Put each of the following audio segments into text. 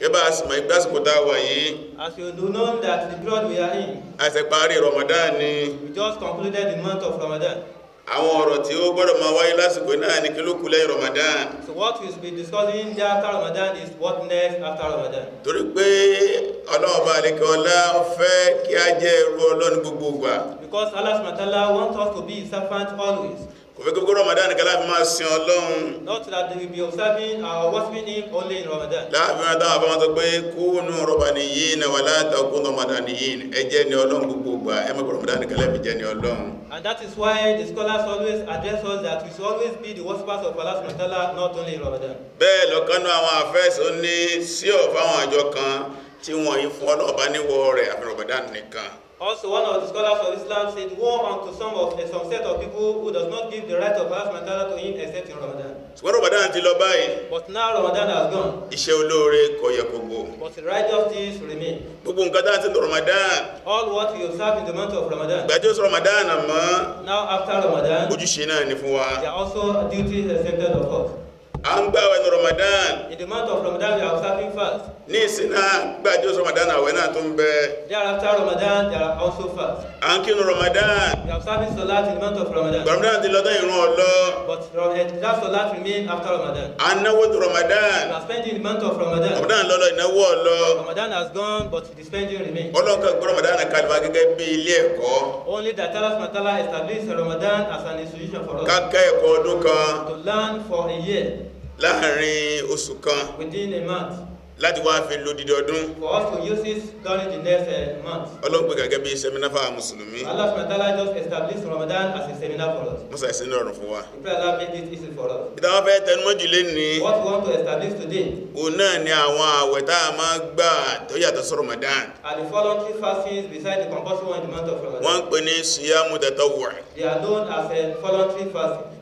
gẹ́bà àsìmọ̀ ìgbásìkò tá a wà yìí as you do know that the period we are in àṣẹ parí Ramadan ni we just completed the month of Ramadan àwọn ọ̀rọ̀ tí ó gbọ́dọ̀ máa wáyé lásìkò náà ni kí ló kù lẹ́yìn Ramadan so what we will be discussing after Ramadan is what next after Ramadan torí pé ọlọ́run bá àlekẹ́ ọlá fẹ́ kí a jẹ́ ẹrú ọlọ́run gbogbo ìgbà because Allah subhanahu wa ta'ala wants us to be his servant always kò fẹ́ gbogbo Ramadan ní kàláàfin máa sin Ọlọ́run not that they will be observing our worshiping only in Ramadan láàfin àtà àbámọ́ tó pé kúnú Rabbaniyyina wà látàkùn Ramadaniyyin ẹjẹ́ ni Ọlọ́run gbogbo gbà ẹmọ́ Ramadan ní kàláàfin jẹ́ ni Ọlọ́run and that is why the scholars always address us that we should always be the worshippers of Allah subhanahu wa ta'ala not only in Ramadan bẹ́ẹ̀ lọ́kànnú àwọn àfẹ́sọ ní sí ọ̀fáwọn àjọ kan tí wọ́n yí fún Ọlọ́run níwọ̀ rẹ̀ àfi Ramadan nìkan Also, one of the scholars of Islam said, Woe unto some of a eh, some set of people who does not give the right of Allah subhanahu to him except in Ramadan. Ṣùgbọ́n Ramadan ti lọ báyìí. But now Ramadan has gone. Iṣẹ́ olóore kò yẹ kókó. But the righteous things remain. Gbogbo nǹkan tá ti Ramadan. All what you observe in the month of Ramadan. Gbàjọ́ sọ Ramadan àmọ́. Now after Ojúṣe náà ni fún wa. They are also duties exempted of us à ń gbà àwẹ̀ Ramadan in the month of Ramadan we are observing fast ní ìsìn náà gbàjọ́ Ramadan àwẹ̀ náà tó ń bẹ thereafter Ramadan they are also fast à ń kírun Ramadan we are observing solat in the month of Ramadan Ramadan ti lọ́dọ̀ ìrún ọlọ́ but that solat remains after Ramadan à ń náwó tó Ramadan we are spending the month of Ramadan Ramadan lọ́lọ́ ìnáwó ọlọ́ Ramadan has gone but the spending remains ọlọ́kan gbọ́ Ramadan kalifa gẹ́gẹ́ bí ilé ẹ̀kọ́ only that Allah Matala established Ramadan as an institution for us ká ẹ̀kọ́ ọdún kan to learn for a year láàrin oṣù kan within a month láti wá fi lò dídí ọdún for us to use it during the next uh, month ọlọ́pẹ́ gẹ́gẹ́ bí seminar fáwọn mùsùlùmí Allah ta'ala just established Ramadan as a seminar for us musa ìsinmi ọ̀rùn fún wa ìpínlẹ̀ Allah made it easy for us ìdáwọ́ fẹ́ tẹnumọ́jú lé ní what we want to establish today òun náà ni àwọn àwẹ̀ tá a máa gbà tó yàtọ̀ sí Ramadan and the voluntary fastings beside the compulsory one the month of Ramadan wọ́n pè ní siyamu tatawwu' they are known as a uh, voluntary fasting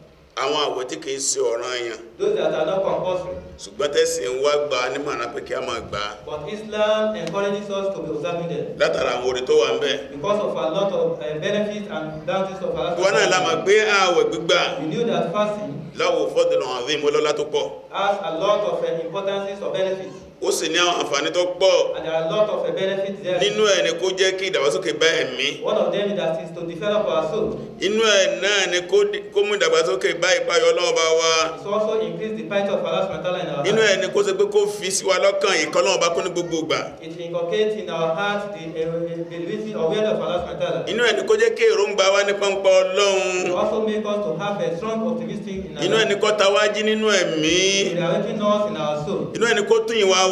àwọn àwẹ̀ tí kìí ṣe ọ̀ranyàn. those that are not compulsory. ṣùgbọ́n tẹ̀sìn ń wá gba ní màánà pé kí a máa gbà. but Islam encourages us to be observing látara àwọn orin tó wà ń bẹ̀. because of a lot of uh, benefits and bounties of Allah. wọn náà la máa gbé àwẹ̀ gbígbà. we knew that fasting. láwo fọ́dùnà àdéhùn ọlọ́lá tó pọ̀. has a lot of uh, importances or benefits ó sì ní àwọn àǹfààní tó pọ̀ nínú ẹ̀ ni kó jẹ́ kí ìdàgbàsókè bá ẹ̀mí inú ẹ̀ náà ni kó mú ìdàgbàsókè bá ìpayọ̀ Ọlọ́run bá wa inú ẹ̀ ni kó ṣe pé kó fi sí wa lọ́kàn ìkọ́ Ọlọ́run bá kún ní gbogbo ìgbà eh, eh, inú ẹ̀ ni kó jẹ́ kí èròǹgbà wa ní pọ́npọ́ Ọlọ́run inú ẹ̀ ni kó tawájí nínú ẹ̀mí inú ẹ̀ ni kó tún ìwà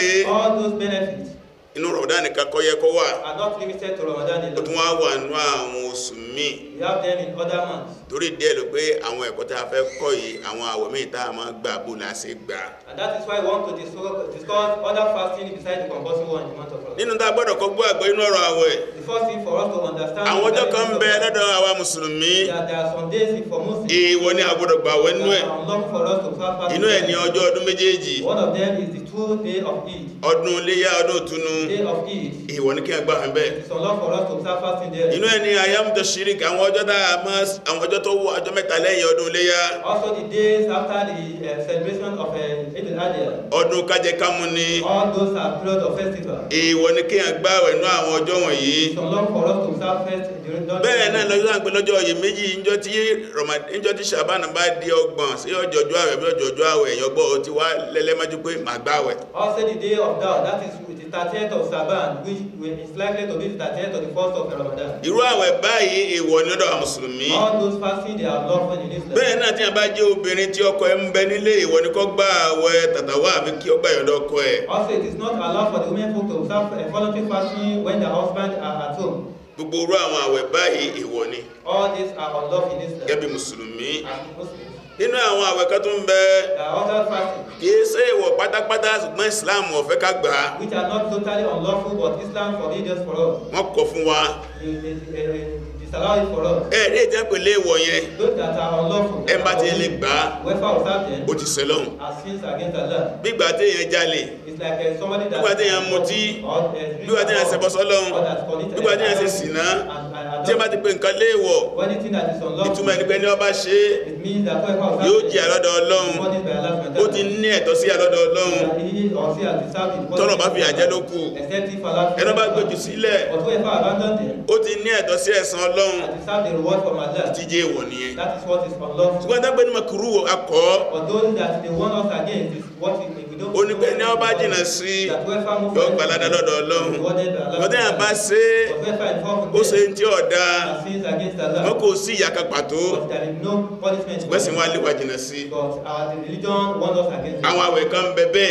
glory. All those benefits. inú Ramadan nìkan kọ́ yẹ kó wà ó tún wá wà nú àwọn oṣù míì torí díẹ̀ ló pé àwọn ẹ̀kọ́ tá a fẹ́ kọ́ yìí àwọn àwọ̀ míì tá a máa gbà bó la ṣe gbà. and that is why we want to discuss other fasting besides the compulsory one in the month of nínú tá a gbọ́dọ̀ kọ́ gbọ́ àgbọ̀ inú ọ̀rọ̀ àwẹ̀. the first thing for us to understand. àwọn ọjọ́ kan bẹ lọ́dọ̀ àwa mùsùlùmí. that there are some days for Muslims. èèwọ̀ ni a gbọ́dọ̀ gbà wẹ̀ nú ẹ̀. inú ẹ̀ ni ọjọ́ ọdún méjèèjì. one of them is the two day of Eid. ọdún iléyá ọdún ìtúnu day of Eid. Ìwọ ni kí a gbà hàn bẹ́ẹ̀. It's allowed for us to observe fasting there. Inú ẹ̀ Ayam the Shirik àwọn ọjọ́ tá a mọ̀ àwọn ọjọ́ tó wọ ọjọ́ mẹ́ta lẹ́yìn ọdún iléyà. Also the days after the uh, celebration of uh, Eid al-Adha. Ọdún kájẹkámú ni. All those are period of festival. Ìwọ ni kí a gbà wẹ̀ àwọn ọjọ́ wọ̀nyí. It's allowed for us to observe fast eh, during that. Bẹ́ẹ̀ náà lọ́jọ́ àgbẹ̀ lọ́jọ́ yìí méjì njọ́ tí njọ́ tí Shaban bá di ọgbọ̀n sí ọjọ́jọ́ àwẹ̀ bí ọjọ́jọ́ àwẹ̀ ẹ̀yọ́gbọ́ ọ Also the day of doubt that is the thirtieth of Shaban which is likely to be the thirtieth or the first of Ramadan. irú àwẹ̀ báyìí èèwọ̀ ni lọ́dọ̀ àwọn mùsùlùmí. all those fasting they are lawful in Islam. bẹ́ẹ̀ náà tí a bá jẹ́ obìnrin tí ọkọ ẹ̀ ń bẹ nílé ìwọ ni kó gba àwẹ̀ tàtàwá àfi kí ó ìyọ̀dọ̀ ọkọ ẹ̀. also it is not allowed for the women folk to observe a uh, voluntary fasting when their husband are at home. gbogbo irú àwọn àwẹ̀ báyìí èèwọ̀ ni. all these are unlawful in Islam. gẹ́gẹ́ mùsùlùmí. as muslim nínú àwọn àwẹ̀ tó ń bẹ kìí ṣe ìwọ̀ pátápátá ṣùgbọ́n islam ò ká gbà á which are not totally unlawful but islam forbids us for us wọ́n kọ̀ fún wa ẹ̀ẹ́dẹ́ ìjápẹ̀ lé ìwọ̀ yẹn ẹmbá tí lè gbá ó ti ṣẹ̀ lọ́hùn gbígbà tí èyàn jalè gbígbà tí èyàn mutí gbígbà tí èyàn ṣẹbọ sọ́lọ́hun gbígbà tí èyàn ṣe sìná tí ẹ bá ti pè uh, uh, nǹkan lé ìwọ̀ ìtumọ̀ ẹni pé ní ọba ṣe yóò jẹ́ àlọ́dọ̀ Ọlọ́run ó ti ní ẹ̀tọ́ sí àlọ́dọ̀ Ọlọ́run tọ́nà bá fi àjẹ́ ló ẹ̀nà bá gbèjù sílẹ̀ ó ti ní ẹ̀tọ́ sí ẹ̀san Ọlọ́run ọlọ́run ti jẹ́ ìwọ̀ nìyẹn ṣùgbọ́n tó gbé ní makuru akọ́ ó ní pé ní ọ bá jìnà sí yóò gbàládà lọ́dọ̀ ọlọ́run ọdún yà bá ṣe ó ṣe ń tí ọ̀dá wọ́n kò sí ìyàkà pàtó wẹ́sìn wá lè wà jìnà sí àwọn àwẹ̀ kan bẹ̀bẹ̀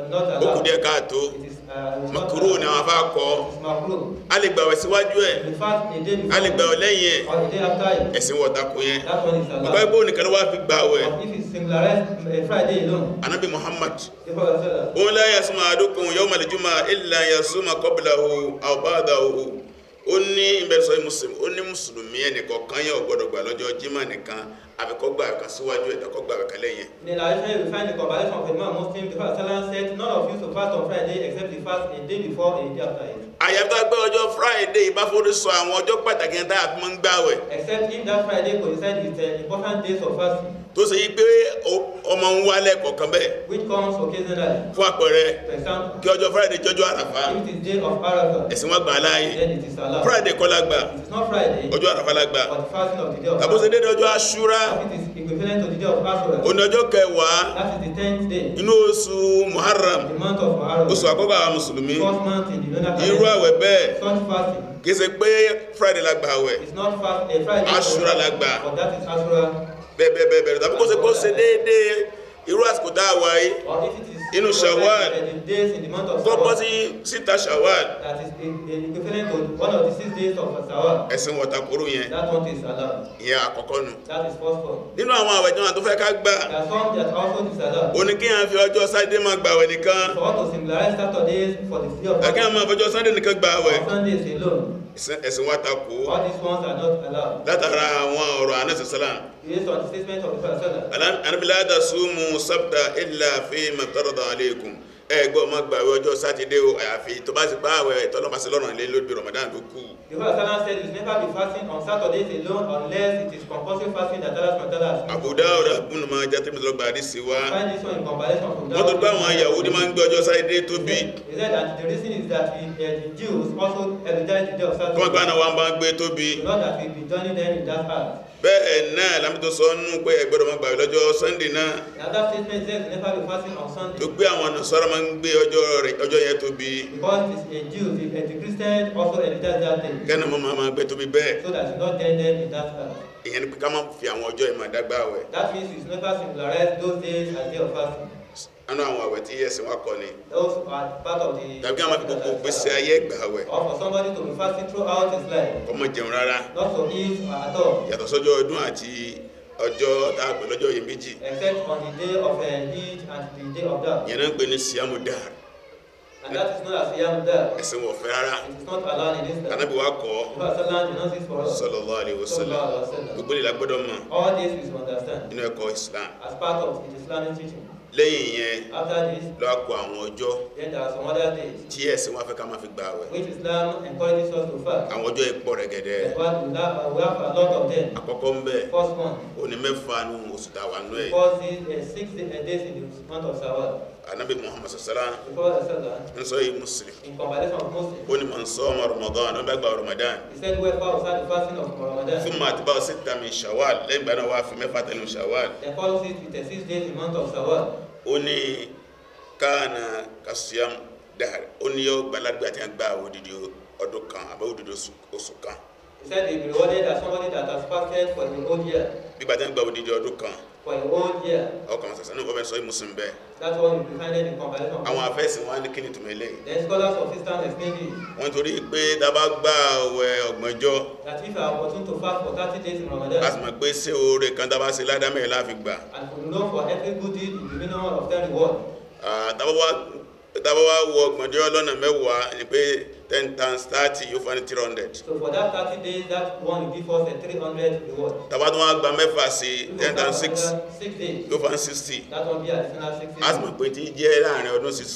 ó kù díẹ̀ káàtó uh, makuru ni àwọn afá kọ a lè gbàwẹ̀ síwájú ẹ̀ a lè gbàwẹ̀ lẹ́yìn ẹ̀ ẹ̀sìn wọ̀takùn yẹn bàbá ibò nìkan wá fi gbàwẹ̀ anábì eh, muhammad òun la yasuma ahadukum yawmal jumu'ah illa yasuma qablahu aw ó ní ìbẹ̀sọ̀ ó ní mùsùlùmí ẹnìkan kan yẹn ò gbọ́dọ̀ gbà lọ́jọ́ jímọ̀ nìkan àfikọ́gbà kan síwájú ẹ̀dọ́kọ́gbà kan lẹ́yìn. The tradition refined the combination of Imam Muslim the first salah said none of you to fast on Friday except the fast a day before a day after it. àyàfẹ́ gbé ọjọ́ Friday ìbáforí sọ àwọn ọjọ́ pàtàkì yẹn tá a fi máa ń gbààwẹ̀. Except if that Friday coincides with the important days of fasting tó ṣe yí pé ọmọ ń wálẹ̀ kọ̀ọ̀kan bẹ́ẹ̀. which comes occasionally. fún àpẹẹrẹ kí ọjọ́ friday jọjọ́ àràfà. if it is day of arafa. ẹ̀sìn wọn gbà á láàyè. then it is allowed. friday kọ́ la gbà. it is not friday. ọjọ́ àràfà la gbà. but the fasting of the day of arafa. tàbó ọjọ́ aṣúra. it is equivalent to the day of ashura. òní ọjọ́ kẹwàá. that is the tenth day. inú oṣù muharram. the month of muharram. oṣù àkọ́kọ́ àwọn mùsùlùmí. first month in the lunar calendar. irú àwẹ̀ bẹ́ẹ̀. such fasting. kì í ṣe pé friday la gbà àwẹ̀. it's not fast a eh, friday. aṣúra la gbà. but that is aṣúra bẹ́ẹ̀ bẹ́ẹ̀ bẹ́ẹ̀ tàbí kó ṣe kó ṣe déédéé irú àsìkò tá a wà yìí inú shawwal tó bọ́ sí síta shawwal ẹ̀sìn wọ̀takoro yẹn ìyẹn àkọ́kọ́ nù nínú àwọn àwẹ̀ jọmọ̀ tó fẹ́ ká gbà òní kí a fi ọjọ́ sáde máa gbà wẹ̀ nìkan àkíyàn máa fọjọ́ sáde nìkan gbà wẹ̀ ẹ̀sìn wa ta kó látara àwọn ọ̀rọ̀ anẹ́sẹ̀sẹ́lá alábìlá dà súnmù sábtà ilẹ̀ àfihàn tọ́rọ̀dà aléìkùn ẹgbẹ́ ọmọ gbàwẹ̀ ọjọ́ sátidé o àyàfi tó bá ti bá àwẹ̀ ìtọ́lọ́pàṣẹ lọ́rùn ilé lóbi Ramadan tó kù. The Holy Quran said you should never fasting on Saturday alone unless it is compulsory fasting that others subhanahu wa ta'ala. Abu Dawud Ibn Majah tẹ́mi tó gba àdìsí He said that the reason is that we, eh, Jews also uh, eluded the day of Saturday bẹ́ẹ̀ náà lámítọ́ sọ nú pé ẹ gbọ́dọ̀ má gbààwẹ̀ lọ́jọ́ sunday náà tó gbé àwọn ọ̀nà sọ́rọ̀ máa ń gbé ọjọ́ yẹn tóbi kẹ́nà mọ́ máa máa gbé tóbi bẹ́ẹ̀ ìyẹn ni pé ká má fi àwọn ọjọ́ yẹn máa dágbà wẹ̀. that means it's never similarized those days as day of fasting nínú àwọn àwẹ̀ tí ẹ̀sìn wa kọ́ ni. those are part of the. tàbí àwọn àfikòkò gbèsè ayé gbà wẹ̀. or for somebody to be fasting throughout his life. ọmọ jẹun rárá. not to eat at all. yàtọ̀ sọ́jọ́ ọdún àti ọjọ́ tá a pè lọ́jọ́ yìí méjì. except on the day of uh, Eid and the day of that. yẹn náà ń pè ní siamu dar and that is not as yam there. ẹ̀sìn wọ̀ fẹ́ rárá. it is not allowed in this time. anabi wa kọ́. ibasalan did not cease for us. sallallahu alayhi wa sallam. gbogbo ìlà gbọ́dọ̀ mọ̀. all this is understand. nínú ẹ̀kọ́ islam. as part of the islamic teaching. lẹ́yìn yẹn lọ́wọ́ kó àwọn ọjọ́ tí ẹ̀sìn wọn fẹ́ ká máa fi gbà wẹ̀. àwọn ọjọ́ ìpọ̀ rẹ̀gẹ̀dẹ̀. àkọ́kọ́ a bẹ̀ òní mẹ́fà nínú oṣù tàwa nù ẹ̀ anabi muhammad sallallahu alaihi wasallam n sọ yìí muslim ó ní man sọ́mọ ramadan ó bá gba ramadan fún ma ti bá ọ sí tàmí shawal lẹ́yìn ìgbà náà wá fi mẹ́fà tẹnu shawal ó ní káàna kasiyam dahar ó ní yóò gbalagbé àti àgbà òdìdí ọdún kan àbẹ́ òdìdí oṣù kan. he said he rewarded as somebody that has fasted for the whole year. bí gbàtẹ́ ń gba òdìdí ọdún kan for a whole year. ọkàn sàṣà that's what we decided in conversation. àwọn afẹ́sìn wọn ní kíni tùmọ̀ the scholars of eastern explain wọ́n torí pé dábà gba àwẹ̀ ọgbọ̀njọ́. that if our opportune to fast for thirty days in Ramadan. a sì mọ̀ pé ṣé oore kan dábà ṣe ládàmẹ́ láàfin gbà. and we know for every good deed the minimum of ten reward. dábà wá wọ ọgbọ̀njọ́ lọ́nà mẹ́wàá ni pé ten times thirty yóò fún ẹni so for that 30 days that one give us a three hundred reward. tàbá tó wọn gba mẹ́fà sí ten times six you find 60. that one be additional sixty. a sì mọ̀ pé tí jẹ́ láàrin ọdún six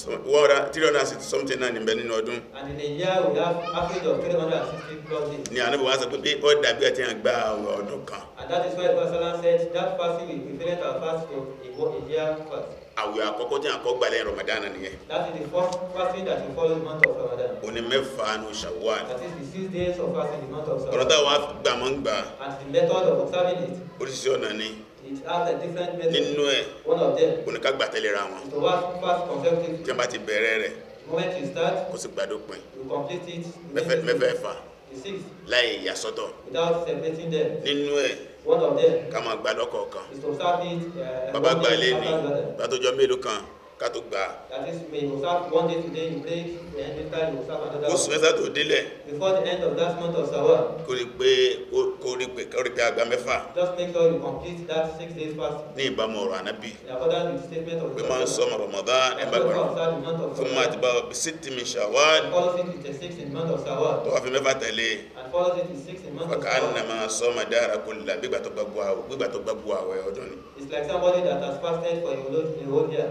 three hundred and sixty something náà níbẹ̀ nínú ọdún. and in a year we have average of 360 plus days. ni àná wa sa sọ o ó dàbí ẹtí yẹn gba àwẹ̀ ọdún kan. and that is why the pastor said that fasting will be different and fast for a year fast àwẹ̀ àkọ́kọ́ tí àkọ́ gbà lẹ́yìn Ramadan nìyẹn. that is the first fasting that you follow the month of Ramadan. o ní mẹ́fà ní Shawwal. that is the six days of fasting the month of Ramadan. ọ̀rọ̀ táwa gbà máa ń and the method of observing it. oríṣiríṣi ọ̀nà ni. it has a different method. nínú ẹ̀ one of them. o ní ká gbà tẹ̀lé ra wọn. to fast fast consecutively. tí ti bẹ̀rẹ̀ rẹ̀. moment you start. kó sì gbàdópin. you complete it. mẹ́fẹ̀ẹ́fà láì yàsọ́tọ̀ nínú ẹ̀ ká máa gbà lọ́kọ̀ọ̀kan uh, bàbá gbà lé ní bàtọ́jọ́ mélòó kan ká tó gbà that is may you serve one day today you break and later you serve another one. oṣù mẹ́ta tó délẹ̀. before the end of that month of sawa. kò rí pé kò rí pé kò rí pé àgbà mẹ́fà. just make sure you complete that six days fast. ní ìbámu ọ̀rọ̀ ànábì. in accordance with the statement of the Lord. pé máa ń sọ ọmọ Ramadan ẹgbẹ̀rún. fún máa ti bá ọ bí six in Shawwal. follow it with the six in month of Shawwal. tó wà fi mẹ́fà tẹ̀lé. and follow it with six in month of Shawwal. fàkà ànàmà sọ́mà dára kò là gbígbà tó gbàgbọ́ àwẹ̀ ọdún ni. it's like somebody that has fasted for a whole year.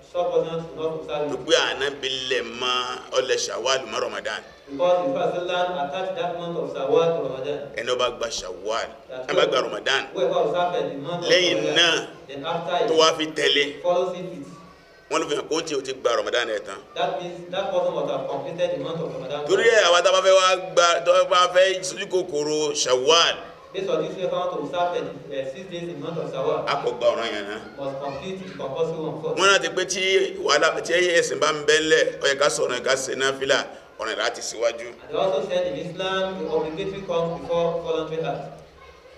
dugbe anabi lẹ ma ọlẹ shawal ma ramadan. because the first land attached that month of shawal to ramadan. ẹni o bá gba shawal ẹni bá gba ramadan. wey for observe the month of ramadan. lẹ́yìn náà tó wá fi tẹ̀lé. follow it with wọ́n ló fi hàn kó tí o ti gba ramadan ẹ̀ tán. that means that person must have completed the month of ramadan. torí ẹ àwa tá a bá fẹ́ wá gba tó bá fẹ́ shawal based on this reference to serve uh, six days in month of sawa. a kò gba ọ̀ràn yẹn náà. must complete the compulsory one first. wọ́n rántí pé tí wàhálà tí ẹ̀sìn bá ń bẹ́lẹ̀ ó yẹ ká sọ̀rọ̀ ká ṣe náfìlà ọ̀ràn láti síwájú. and they also said in Islam the obligatory comes before voluntary act.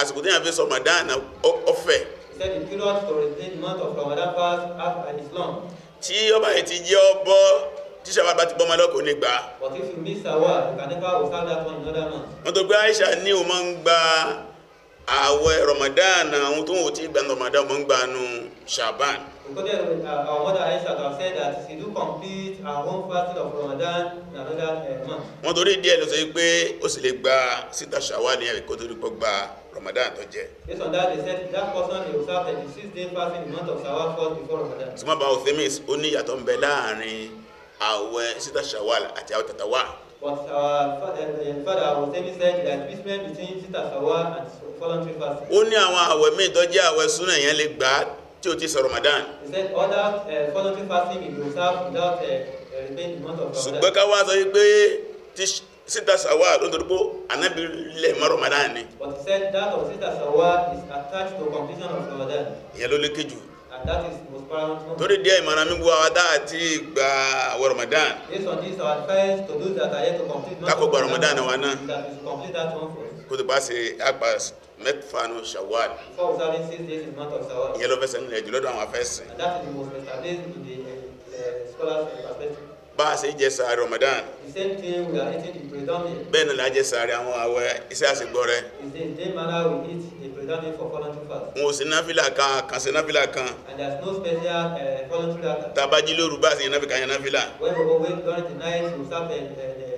àsìkò tí yàn fi sọ Ramadan ọ̀fẹ́ tí ọba yìí ti jẹ́ ọbọ́ tí ṣàwà bá ti bọ́ mọ́lọ́kò ní gbà wọ́n tó gbé Aisha ní o máa ń gba àwẹ̀ Ramadan àwọn tó wọ́n ti gbà Ramadan o máa ń gbà nù Shaban Recorded uh, our mother Aisha has said that she do complete her own fasting of Ramadan in another uh, month. Wọ́n torí díẹ̀ ló sọ pé ó sì lè gba síta ṣàwá ní ẹ̀kọ́ tó dúpọ̀ gba Ramadan tó jẹ. Based on that they said that person dey observe thirty six day fasting in the month of Shawwal first before Ramadan. Sumaba Othemis ó ní ìyàtọ̀ ń bẹ láàrin àwẹ̀ síta ṣàwal àti àwẹ̀ tàtàwà. But our uh, father, father Hosseini said that this man between Sita Sawa and voluntary fasting. Ó ní àwọn àwẹ̀ míì tó jẹ́ àwẹ̀ súnà yẹn lè gbà á tí o ti ṣe Ramadan. he said other uh, voluntary fasting we go without uh, repaying the month of Ramadan. ṣùgbọ́n ká wá sọ pé ti sita sawa ló ń dọ̀dọ̀ pé anabi lè mọ Ramadan ni. but he said that of sita sawa is attached to completion of Ramadan. ìyẹn ló lé kejì. and that is most paramount. torí díẹ̀ ìmọ̀ràn mi wá wá tá ti gba àwọ̀ Ramadan. based on this our advice to those that are yet to complete. kákó gba Ramadan wa náà. that is complete that one first. kó tó bá ṣe àgbà in mẹ́fà ní ṣàwàl ìyẹn ló fẹsẹ̀ nílẹ̀ jùlọ dùn àwọn afẹ́sìn eh, bá a ṣe jẹ sàárì Ramadan bẹ́ẹ̀ ni lájẹ sàárì àwọn àwẹ̀ iṣẹ́ àṣegbọ́ rẹ̀ n ò sí náfìlà kan kan sí náfìlà kan And no special eh, tabají lóru bá a ṣe yẹn náfìlà yẹn the. Eh,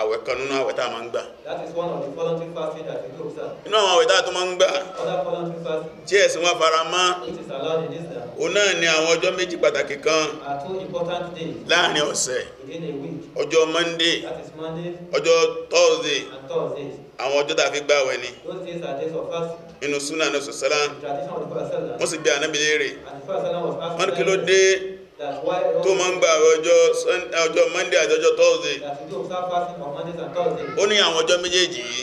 àwẹ̀ kan nínú àwẹ̀ tá a máa ń gbà. that is one of the voluntary fasting that we do sir. inú àwọn àwẹ̀ tá a tún máa ń gbà. other voluntary fasting. tí ẹ̀sìn wa fara mọ́. it is allowed in Islam. òun náà ni àwọn ọjọ́ méjì pàtàkì kan. are two important days. láàrin ọ̀sẹ̀. within a week. ọjọ́ monday. that is monday. ọjọ́ thursday. and thursday. àwọn ọjọ́ tá a fi gbà àwẹ̀ ni. those days are days of fasting. inú sunnah ní sọ̀sálà. tradition of the Prophet. wọ́n sì bí ànábìlérè. and the Prophet was dé tó máa ń gba ọjọ́ ọjọ́ Monday àti ọjọ́ Thursday ó ní àwọn ọjọ́ méjèèjì yìí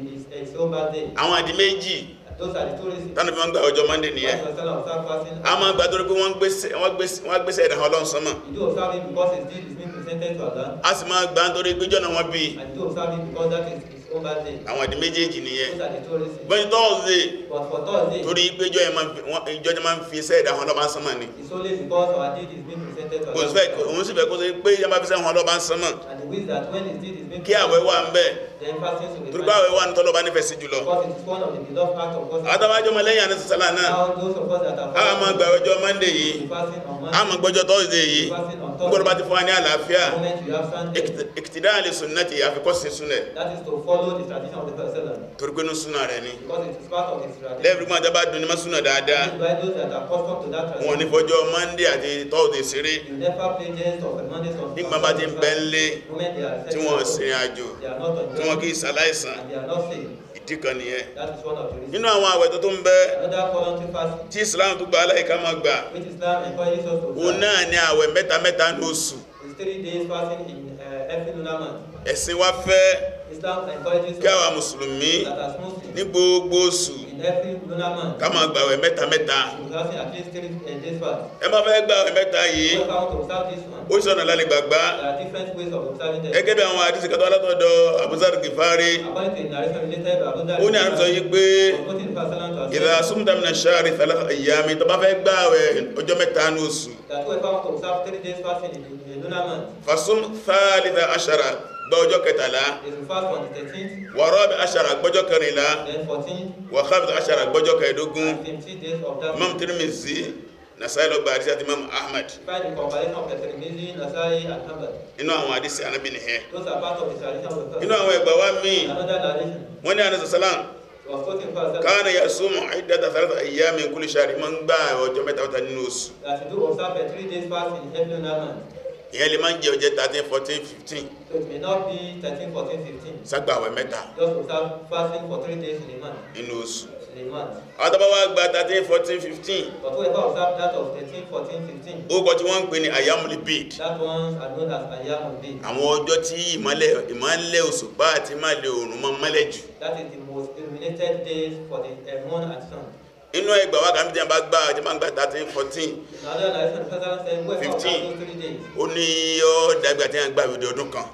àwọn àdí méjì tánà fi wọ́n gba ọjọ́ mọ́ndé nìyẹn a máa gbà torí pé wọ́n gbèsè ẹ̀dà ọlọ́run sánmà a sì máa gbà nítorí pé jọ́nà wọ́n bí àwọn àdí méjèèjì nìyẹn bọ́n tọ́ọ̀zẹ̀ torí pé ìjọ́jọ́ máa ń fi iṣẹ́ ẹ̀dà ọlọ́run sánmà ni kò sí fẹ́ kó sí pé ìjọba fi iṣẹ́ ọlọ́run sánmà kí àwẹ̀ wà ń bẹ̀ turba àwẹ̀ wà ní tọ́lọ̀ bá nífẹ̀ẹ́ sí jùlọ àtàwájọ́ mọ̀lẹ́yìn àti sàlá náà a máa gbàwẹ̀jọ́ monday yìí a máa gbọ́jọ́ thursday yìí gbọ́dọ̀ bá ti fún wa ní àlàáfíà ìkìtìdá àlè sunna ti àfikọ́ sí sunna torí pé ní sunna rẹ̀ ni lẹ́bìrì máa dábàá dun ní má sunna dáadáa wọn ní fọjọ́ monday àti thursday ṣeré nígbà bá ti ń bẹ́ńlé tí wọ́n sìnrìn àjò tí wọ́n kì í ìdí kan nìyẹn nínú àwọn àwẹ̀ tó tó ń bẹ tí Islam tó gba aláìká máa gbà o náà ni àwẹ̀ mẹ́ta mẹ́ta ní oṣù uh, ẹ̀sìn wa fẹ́ kí àwa mùsùlùmí ní gbogbo oṣù every lunar month. ká máa gbàwẹ̀ mẹ́ta mẹ́ta. observing at least three uh, days fast. ẹ máa fẹ́ gbàwẹ̀ mẹ́ta yìí. we found to observe this one. ó sọ̀nà lálẹ́ gbàgbá. there are different ways of observing them. gẹ́gẹ́ bí àwọn àdìsí kátó alátọ̀dọ̀ abuzar gifari. according to the narration related abuzar. ó ní à ń sọ yìí pé. ìlà súnmùtàmínà sáré sálá ìyàmì tó bá fẹ́ gbàwẹ̀ ọjọ́ mẹ́ta ní oṣù. that we found to observe three days fasting in the lunar ashara gbọ́jọ́ kẹtàlá wọ̀rọ̀bì aṣàrà gbọ́jọ́ kẹrìnlá wọ̀hábì aṣàrà gbọ́jọ́ kẹẹ̀dógún Imam Tirmizi Nasai lọ gba àdísí àti Imam Ahmad inú àwọn àdísí anábì nìyẹn inú àwọn ẹgbà wá míì wọ́n ní àdísí sálàm kana ya sumu iddata thalatha ayyamin kulli shahr man gba ọjọ́ mẹ́ta wata nínú oṣù ìyẹn lè máa ń jẹ ọjẹ́ 13 14 15. so it may not be thirteen, 13 14 15. ságbàwẹ̀ mẹ́ta. just without fasting for three days in a month. nínú oṣù. in a month. àwọn tábà wá gba thirteen, fourteen, fifteen. but we can observe that of 13 14 15. orúkọ tí wọ́n ń pè ní ayamuli bid. that one are known as ayamuli bid. àwọn ọjọ́ tí ìmọ́lẹ̀ ìmọ́lẹ̀ òṣùpá àti ìmọ́lẹ̀ oòrùn máa mọ́lẹ̀ jù. that is the most illuminated days for the uh, moon and sun inú ẹgbà wá kàmí tí a bá gbá jẹmá gbá 13 14 15 ó ní yọ́ dàgbà tí a gbá ìdí ọdún kan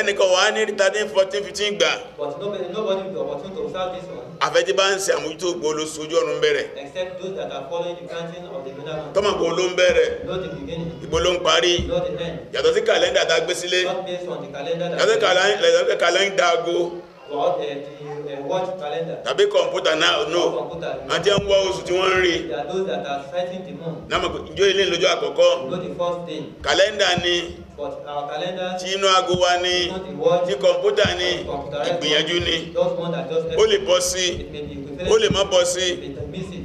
ẹnìkan wà ní 13 14 15 gbà àfẹ́jí bá ń ṣe àmójútó gbò ló sojú ọ̀run bẹ̀rẹ̀ tọ́mà gbò ló ń bẹ̀rẹ̀ ìgbò ló ń parí yàtọ̀ sí kàlẹ́ndà tá gbé sílé yàtọ̀ sí kàlẹ́ndà ago tàbí kọ̀mpútà náà no àti ń wọ́ oṣù tí wọ́n ń rí náà ìjọ ilé lójọ́ àkọ́kọ́ kàlẹ́ndà ni tí inú ago wa ni tí kọ̀mpútà ni ìgbìyànjú ni ó lè bọ́ sí ó lè má bọ́ sí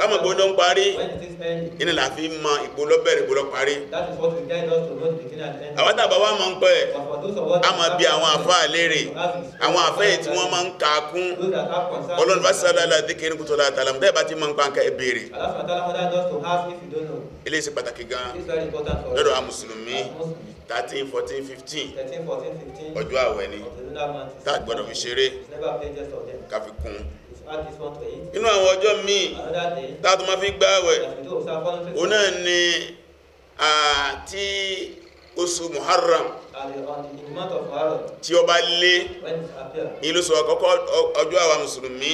kámọ̀ gbọ́dọ̀ ń parí iná la fi mọ ìgbólọ́bẹ̀rẹ̀ ìgbólọ́parí àwọn tàbá wá mọ́ ń pẹ́ a mọ̀ bí àwọn àfá àlérè àwọn àfẹ́ tí wọ́n máa ń kàákún ọlọ́nà fásitì aláàdíkẹrin kútọ́ látàlá mọ́tẹ́ bá ti mọ́ ń pa nǹkan ẹbẹ̀rẹ̀ ilé ìṣe pàtàkì gan lọ́dọ̀ a mùsùlùmí 13 14 15 ọjọ́ àwẹ̀ ni tá gbọ́dọ̀ fi ṣeré ká fi kún inú àwọn ọjọ́ míì tààtù ma fi gbààwẹ̀ o náà ni àti oṣù muharram tí ó bá lé ìlú sọ àkọ́kọ́ ọjọ́ àwa mùsùlùmí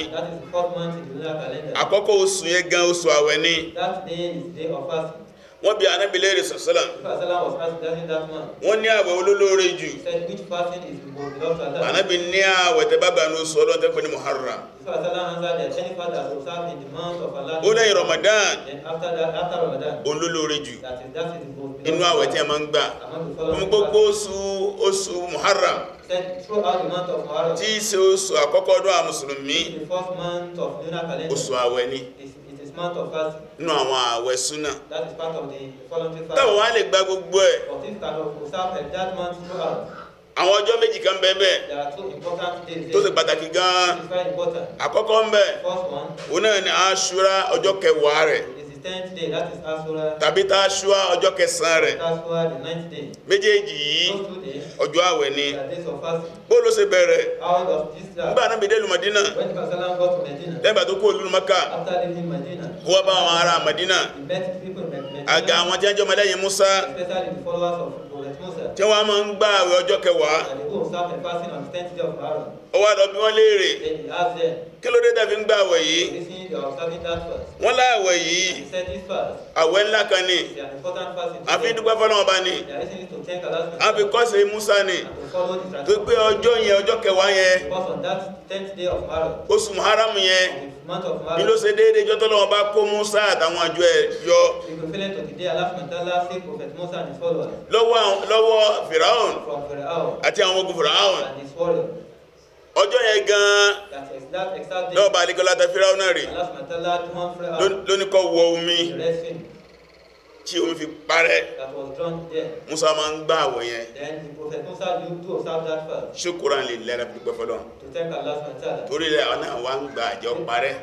àkọ́kọ́ oṣù yẹn gan oṣù àwẹ̀ ni that day is day of fasting wọ́n bi Ànábì léèrè sọ̀sọ́là wọ́n ní àwẹ̀ olólóore jù Ànábì ní àwẹ̀ tẹ́bàbà ní oṣù ọlọ́run tẹ́pẹ́ ní Muharram ó lẹ́yìn Ramadan olólóore jù inú àwẹ̀ tí a máa ń gbà wọ́n gbogbo oṣù oṣù Muharram tí í ṣe oṣù àkọ́kọ́ ọdún àwọn mùsùlùmí oṣù àwẹ̀ ni month of fasting. nínú àwọn ààwẹ̀ súnà. that is part of the voluntary fast. táwọn wá lè gba gbogbo ẹ̀. but if can observe a that month throughout. àwọn ọjọ́ méjì kan bẹ́ẹ̀ bẹ́ẹ̀. there are two important days. tó ṣe pàtàkì gan-an. it is very important. àkọ́kọ́ ń bẹ. first one. òun náà ni aṣura ọjọ́ kẹwàá rẹ̀ the tenth day that is asura. tàbí tá a ṣúà ọjọ́ kẹsàn rẹ̀. the ninth day. méjèèjì yìí ọjọ́ àwẹ̀ ni. bó ló ṣe bẹ̀rẹ̀. out of Islam. nígbà náà bèdè lùmọ̀dínà. when the Prophet to Medina. lẹ́gbàá tó kó olú Maka. after leaving Medina. ó wá bá àwọn ará Medina. he people in Medina. àwọn jẹ́jọ́ ọmọlẹ́yìn Musa. especially the followers of tí wọ́n máa ń gba àwẹ̀ ọjọ́ kẹwàá ó wá lọ bí wọ́n léèrè kí ló dé tàbí ń gba àwẹ̀ yìí wọ́n láàwẹ̀ yìí àwẹ̀ ńlá kan ni a fi dúpẹ́ fọ́lọ́wọ́ bá ní a fi kọ́sẹ̀ Musa ni tó pé ọjọ́ yẹn ọjọ́ kẹwàá yẹn oṣù Muharram yẹn ní ló ṣe déédé jọ tọ́lọ́wọ́ bá kó Musa àtàwọn àjọ ẹ̀ yọ lọ́wọ́ Firaun àti àwọn ogun Firaun ọjọ́ yẹn gan-an lọ́ọ̀bà alikọ́lá tẹ Firaun náà rè lónìí kọ́ wọ omi tí omi fi parẹ́ Musa máa ń gbá àwọ̀ yẹn ṣíkúrà lè lẹ́ra pípẹ́ fọ́lọ́n torí ilẹ̀ ọ̀nà wa ń gba àjọ parẹ́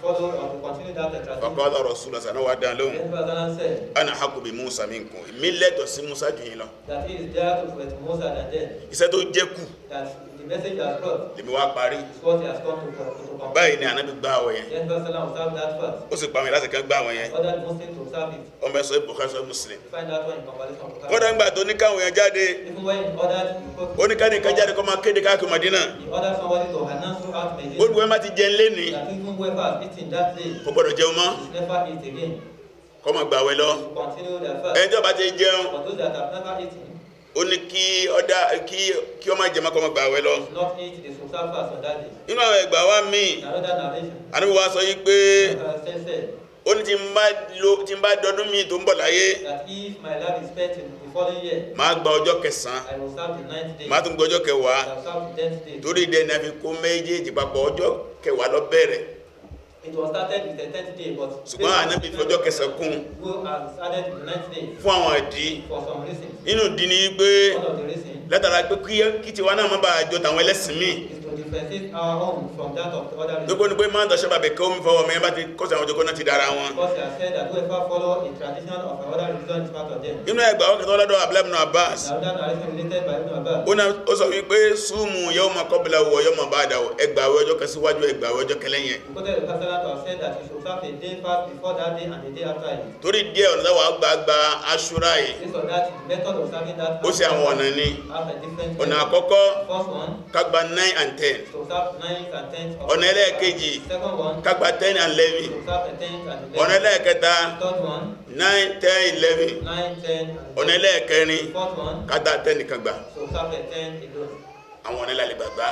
fọ́kọ́lọ́ Rasulullah sànà wà dán lóhun ana haqqu bi Musa minkum mi lẹ́tọ̀ sí Musa jù yín lọ iṣẹ́ tó jẹ́kù the message that brought. lèmi wá parí. is what he has come to come. báyìí ni anabi gba àwẹ̀ yẹn. yes pastor lam observe that fast. ó sì pa àwọn yẹn láti kẹ́ gba àwẹ̀ yẹn. order the muslim to observe it. ọmọ ẹsọ ibùkún ẹsọ muslim. you find that one in conversation with kódà ń gbà tó ní káwọn yẹn jáde. even when ordered. ó ní káni kan jáde kó máa kéde káàkiri Madina. he ordered somebody to announce throughout Medina. gbogbo ẹ má ti jẹun lẹ́ni. that even whoever has eaten that day. kò gbọdọ̀ jẹun mọ́. he never eat again. kọ́ máa gbàwẹ̀ lọ. to continue their fast. ẹjọ́ bá ti jẹun. for those that have never eaten ó ní kí ọdá kí kí ọmọ jẹ mọ́kànmọ́ gbà wẹ́ lọ inú àwọn ẹgbà wá míì àníwò wá sọ yí pé ó ní tí ń bá dọdún míì tó ń bọ̀ láyé máa gba ọjọ́ kẹsàn-án máa tún gba ọjọ́ kẹwàá torí ìdẹ́ni àfikún méjèèjì papọ̀ ọjọ́ kẹwàá lọ bẹ̀rẹ̀ it was started with the tenth day but. ṣùgbọ́n ànábì fọjọ́ kẹsàn kún. who has started with the ninth day. fún àwọn ìdí. for some reason, nínú ìdí ni pé. one of the reasons. látara pé kí tiwa náà má bàa jọ tàwọn ẹlẹ́sìn míì to differentiate our own from that of the other religions. gbogbo ni pé máa ń tọ́ṣẹ́ bàbẹ̀ kó ń fọwọ́ mi bá ti kó sí àwọn ojú kan náà ti dára wọn. because I said that whoever follow a tradition of other religion is part of them. nínú ẹgbàá wọn kẹtọ́ lọ́dọ̀ abdullahi ibn abbas. abdullahi narration related by ibn abbas. ó sọ wípé súnmù yóò máa kọ́bìlà wọ yóò máa bá a dà wọ ẹgbàáwé ọjọ́ kan síwájú ẹgbàáwé ọjọ́ kẹlẹ́yìn. torí díẹ̀ ọ̀nà táwọn àgbààgbà aṣúra yìí. ó sì àwọn ọ̀nà ni ọ̀nà àkọ́kọ́ kagbà nine and ten ten. ọ̀nà ẹlẹ́ẹ̀kejì kágbà ten and eleven. ọ̀nà ẹlẹ́ẹ̀kẹta nine ten eleven. ọ̀nà ẹlẹ́ẹ̀kẹrin kátà ten nìkangbà. àwọn ọ̀nà ìlàlẹ̀ gbàgbà.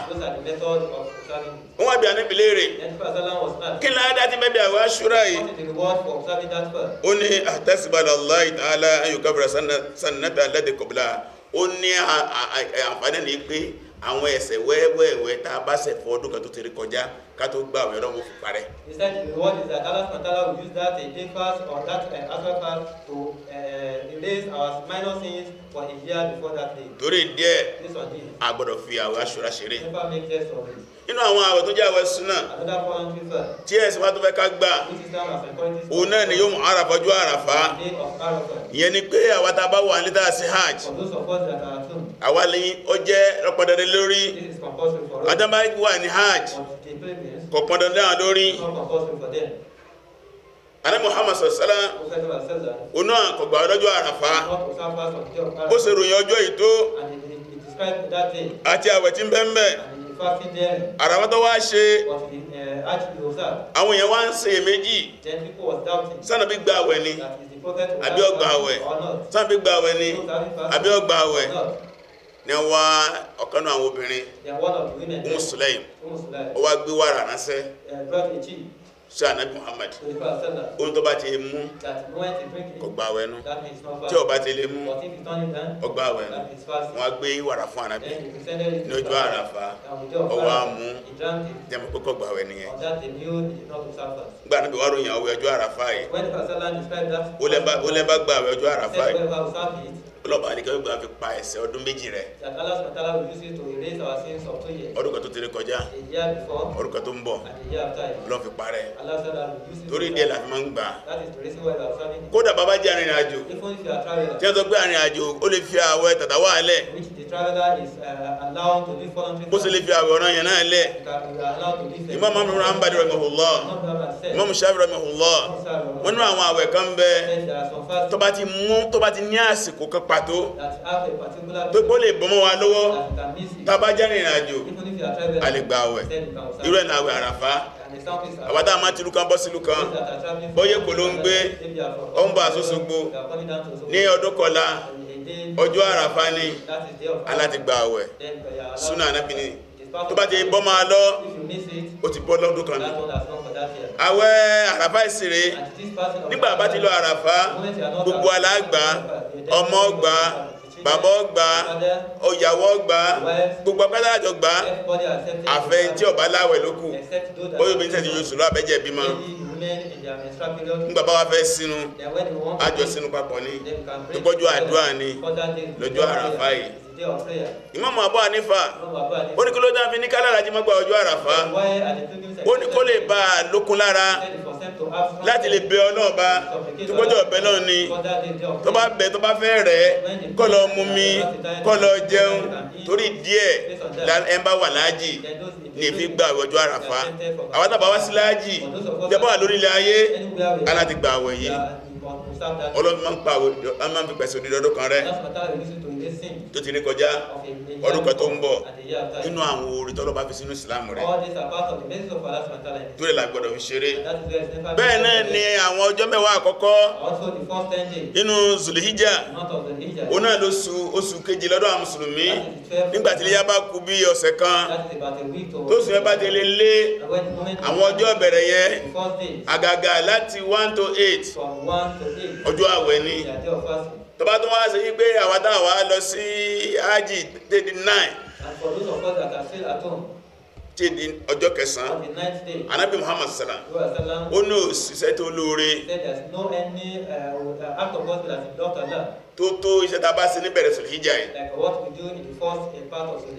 wọ́n wá bí anábì léèrè kí ni adá ti bẹ́bí àwọn aṣúra yìí. ó ní àtẹ́sìbàlá Allah ta'ala ayùkábìrà sannata alladhi qabla ó ní àǹfààní ní pé àwọn ẹ̀ṣẹ̀ wẹ́wẹ́wẹ́ tá a bá ṣẹ̀ fún ọdún kan tó ti rí kọjá kátó gbà wẹ̀ ọlọ́run ó parẹ́. he said the reward is that Allah subhanahu wa will use that a day fast or that uh, aswa fast to uh, erase our minor sins for a year before that day. torí díẹ̀ a gbọ́dọ̀ fi àwẹ̀ aṣọra ṣeré. never make sense of it. nínú àwọn àwẹ̀ tó jẹ́ àwẹ̀ súnà. another point is that. tí ẹ̀sìn bá tó fẹ́ ká gbà. òun náà ni yóò mú àràfà ju àràfà. ìyẹn ni pé àwa tá a bá wà nílẹ̀ tá a ṣe hajj. for those of us that at home. àwa lè ó jẹ́ rọpọdọdẹ lórí. this is wà ní hajj. kò pọn dandan àdórí ana muhammad sọ̀sẹ́lá oná àkọ̀gbà ọlọ́jọ́ àràfà ó ròyìn ọjọ́ ìtó àti àwẹ̀ tí wá ṣe àwọn èèyàn wá ń gba ni àbí eh, ọgbà ní wá ọ̀kanú àwọn obìnrin Umu Sulaim ó wá gbé wàrà ránṣẹ́ eh, sí ànábì Muhammad ohun tó bá ti mú ọgbà wẹnu tí ó ti lè mú ọgbà wẹnu wọ́n gbé wàrà fún ànábì ní ọjọ́ àràfà ọwọ́ àmú jẹmọ̀ pẹ́kọ̀ gbà wẹ nìyẹn gbà ànábì wà ròyìn àwẹ̀ ọjọ́ àràfà yìí ó gbà àràfà yìí ọlọ́ba àdìgẹ́ gbogbo àfi pa ẹ̀ṣẹ̀ ọdún méjì rẹ̀. Zakala Smatala will to erase our sins of two years. ọdún kan tó ti kọjá. a year before. ọdún kan tó ń bọ̀. and a year after. fi parẹ́. Allah said I will use it. torí díẹ̀ la fi máa ń gbà. that is the reason why we are serving. kódà bàbá jẹ́ arìnrìn àjò. even if you are traveling. tí wọ́n sọ pé arìnrìn àjò ó lè fi àwẹ̀ tàtà wà lẹ̀. which the traveler is uh, allowed to do voluntary. bó ṣe lè fi àwẹ̀ ọ̀ràn yẹn náà lẹ̀. Imam Ahmad rahmadi rahimahullah Imam Shafi rahimahullah wọ́n ní àwọn àwẹ̀ kan bẹ́ẹ̀ tó bá ti ní àsìkò kan pàtó tó lè bọ́mọ́ wa lọ́wọ́ tàbá jẹ́rìn ìrìnàjò a lè gba àwẹ̀ irú ẹ̀nà àwẹ̀ àràfá àwádá máa ti lúkan bọ́ sí lúkan bóyé kò ló ń gbé ọmbà sósogbo ní ọdún kọlá ọjọ́ àràfá ní aláti gba àwẹ̀ súnà anábìnrin tó bá jẹ́ bọ́ máa lọ ó ti bọ́ lọ́dún kan ní àwẹ̀ àràfá ìsìrè nígbà bá ti lọ àràfá gbogbo aláàgbà ọmọ ọgbà bàbá ọgbà ọyàwó ọgbà gbogbo apá láàjọ gbà àfẹn tí ọba láwẹ̀ lókù bóyá obìnrin tẹ̀sí yóò sùúrù àbẹ́jẹ̀ bímọ nígbà bá fẹ́ sínú àjọ sínú papọ̀ ni tó gbọ́jú àdúrà ni lọ́jọ́ àràfá yìí Imam Abu Hanifa ó ní kí ló dá fi ní kálàrájí mọ́gbà ọjọ́ àràfá ó ní kó lè bá lókun lára láti lè bẹ Ọlọ́run bá tó gbọ́jọ́ ọ̀bẹ náà ni tó bá bẹ tó bá fẹ́ rẹ̀ kó lọ mú mi kó lọ jẹun torí díẹ̀ ẹmbá wà láàjì ní fi gba ọjọ́ àràfá àwọn tàbá wá sí láàjì jẹbọ́ wà lórílẹ̀ ayé aláti gba àwẹ̀ yìí ọlọ́run máa ń pa a máa ń fi pẹ̀sẹ̀ òdìdí ọdún kan rẹ̀ tó ti rí kọjá ọdún kan tó ń bọ̀ nínú àwọn orí tọ́lọ́ bá fi sínú islam rẹ̀ tó lè làgbọ́dọ̀ fi ṣeré bẹ́ẹ̀ náà ni àwọn ọjọ́ mẹ́wàá àkọ́kọ́ nínú zulhijja ó náà lóṣù oṣù kejì lọ́dọ̀ àwọn mùsùlùmí nígbàtí iléyá bá kù bí ọ̀sẹ̀ kan tó sùn ẹbá ti lè lé àwọn ọjọ́ bẹ̀rẹ̀ yẹn àgàgà láti 1 to eight ọjọ́ àwẹ̀ ni tó bá tún wá sí wípé àwádá wá lọ sí ájì 39 tí di ọjọ́ kẹsàn anábì muhammad sallam ó ní òṣìṣẹ́ tó lóore uh, tó tó iṣẹ́ tá bá sí ní bẹ̀rẹ̀ sùn hijjá yìí uh,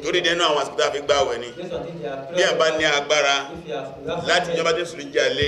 torí dẹnu àwọn àsìkò tá fi gbáwẹ̀ ni bí a bá ní agbára láti jọba tí sùn hijjá lé